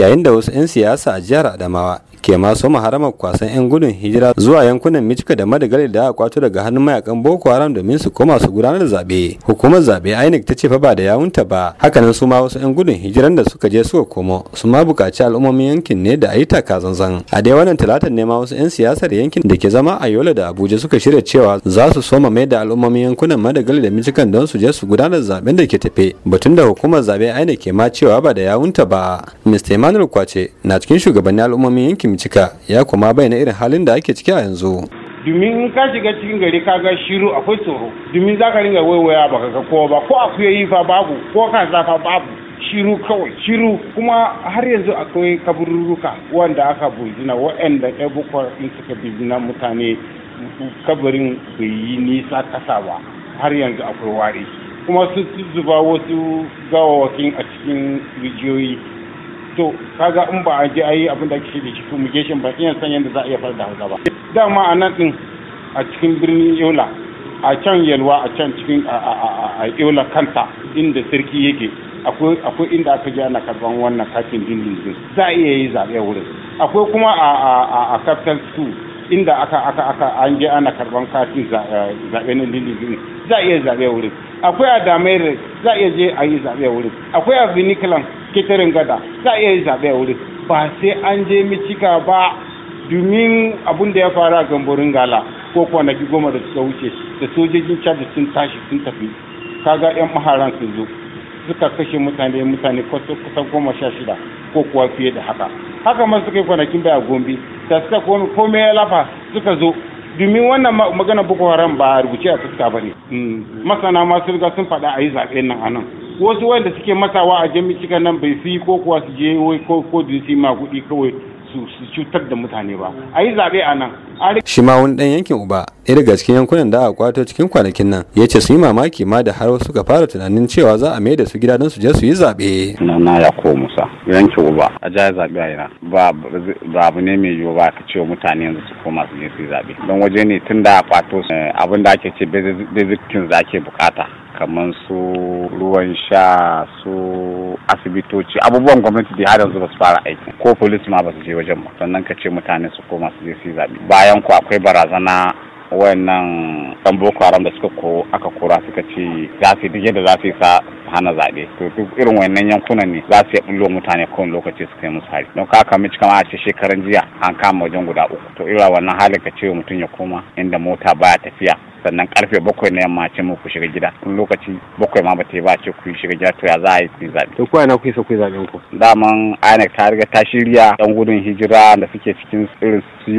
yayin da wasu 'yan siyasa a jihar adamawa ke maso maharamar kwasan 'yan gudun hijira zuwa yankunan Michika da Madagali da aka kwato daga hannun mayakan Boko Haram domin su koma su gudanar da zaɓe. Hukumar zaɓe INEC ta ce fa ba da yawunta ba. Hakanan su ma wasu 'yan gudun hijiran da suka je suka komo su ma buƙaci al'ummomin yankin ne da a yi zanzan A dai wannan talatan ne ma wasu 'yan siyasar yankin da ke zama a Yola da Abuja suka shirya cewa za su soma mai da al'ummomin yankunan Madagali da Michigan don su je su gudanar zaben da ke tafe. Batun da hukumar zabe INEC ke ma cewa ba da yawunta ba. Mr. Emmanuel Kwace na cikin shugabannin al'ummomin yankin cika ya kuma bayyana irin halin da ake ciki a yanzu domin in ka shiga cikin gari ka ga shiru akwai tsoro domin za ka ringa waiwaya baka ga kowa ba ko akuya yi fa babu ko ka fa babu shiru kawai shiru kuma har yanzu akwai kaburruka wanda aka bujina waɗanda ɗaya bukwar in suka bujina mutane kabarin bai yi nisa kasa ba har yanzu akwai wari kuma su zuba wasu gawawakin a cikin rijiyoyi to kaga in ba a je a yi abin da ake da shi fumigation ba iya san yadda za a iya fara da hausa ba dama a nan din a cikin birnin yola a can yalwa a can cikin a yola kanta inda sarki yake akwai inda aka je ana karban wannan katin din za a iya yi zaɓe wurin akwai kuma a capital school inda aka aka aka an je ana karban katin eh, zaɓe na din za a iya zaɓe wurin akwai a damaire za a iya je a yi zaɓe wurin akwai a vinikilan. ketarin gada za iya yi zaɓe a wurin ba sai an je micika ba domin abin da ya faru a gamborin gala ko kwanaki goma da suka wuce da sojojin chad sun tashi sun tafi kaga yan maharan sun zo suka kashe mutane mutane kusan goma sha shida ko kuwa fiye da haka haka ma suka yi kwanakin baya gombe da suka kome ya lafa suka zo domin wannan magana boko haram ba rubuce a fuska ba ne hmm. masana ma sun sun faɗa a yi zaɓen nan a nan wasu wanda suke matawa a cika nan bai fi ko kuwa su je wai ko ko su ma kuɗi kawai su cutar da mutane ba a yi zaɓe a nan shi ma wani ɗan yankin uba ɗaya daga cikin yankunan da aka kwato cikin kwanakin nan ya ce su yi mamaki ma da har suka fara tunanin cewa za a mai da su gida don su je su yi zaɓe na na ya ko musa yankin uba a ja zaɓe a yana ba abu ne mai yiwuwa ba ka ce mutane yanzu su koma su je su yi zaɓe don waje ne tun da kwato eh, abin da ake ce basic things da ake bukata kamar su ruwan sha su asibitoci abubuwan gwamnati da har yanzu ba su fara aiki ko polis ma ba su je wajen ba sannan ka ce mutane su koma su je su yi zaɓe bayan ku akwai barazana wayannan ɗan boko haram da suka ko aka kora suka ce za su duk yadda za su yi sa hana zaɓe to duk irin wayannan yankunan ne za su yi ɓullo mutane kowane lokaci su yi musu hari don ka kama ci kama a ce shekaran jiya an kama wajen guda uku to irin wannan halin ka ce mutum ya koma inda mota baya tafiya sannan karfe bakwai na yamma ce ku shiga gida tun lokaci bakwai ma bata yi ba ce ku shiga gida to ya za a yi ku zaɓe. to kuwa na ku isa ku zaɓe ku. daman inec ta riga ta shirya dan gudun hijira da suke cikin irin su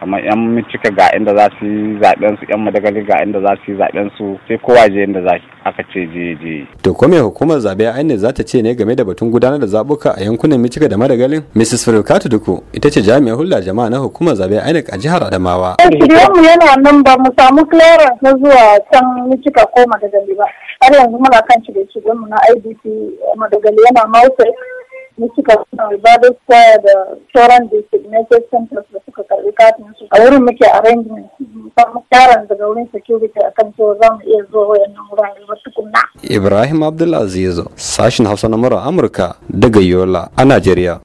kamar yan mitika ga inda za su yi zaben su yan madagali ga inda za su yi zaben su sai kowa je inda za aka ce je je to ko me hukumar zabe a ne za ta ce ne game da batun gudanar da zabuka a yankunan mitika da madagalin mrs farukatu duku ita ce jami'ar hulɗa jama'a na hukumar zabe a a jihar adamawa mu yana nan ba mu samu clearance na zuwa can mitika ko madagali ba har yanzu muna kan shi da mu na idp madagali yana mausa na cika da Square da sauran designated centers da suka karbi katin su a wurin muke arrangement mu karan daga wurin security kan cewa za mu iya zuwa wayannan wurare ba tukunna. Ibrahim Abdulaziz sashin Hausa na Amurka daga Yola a Najeriya.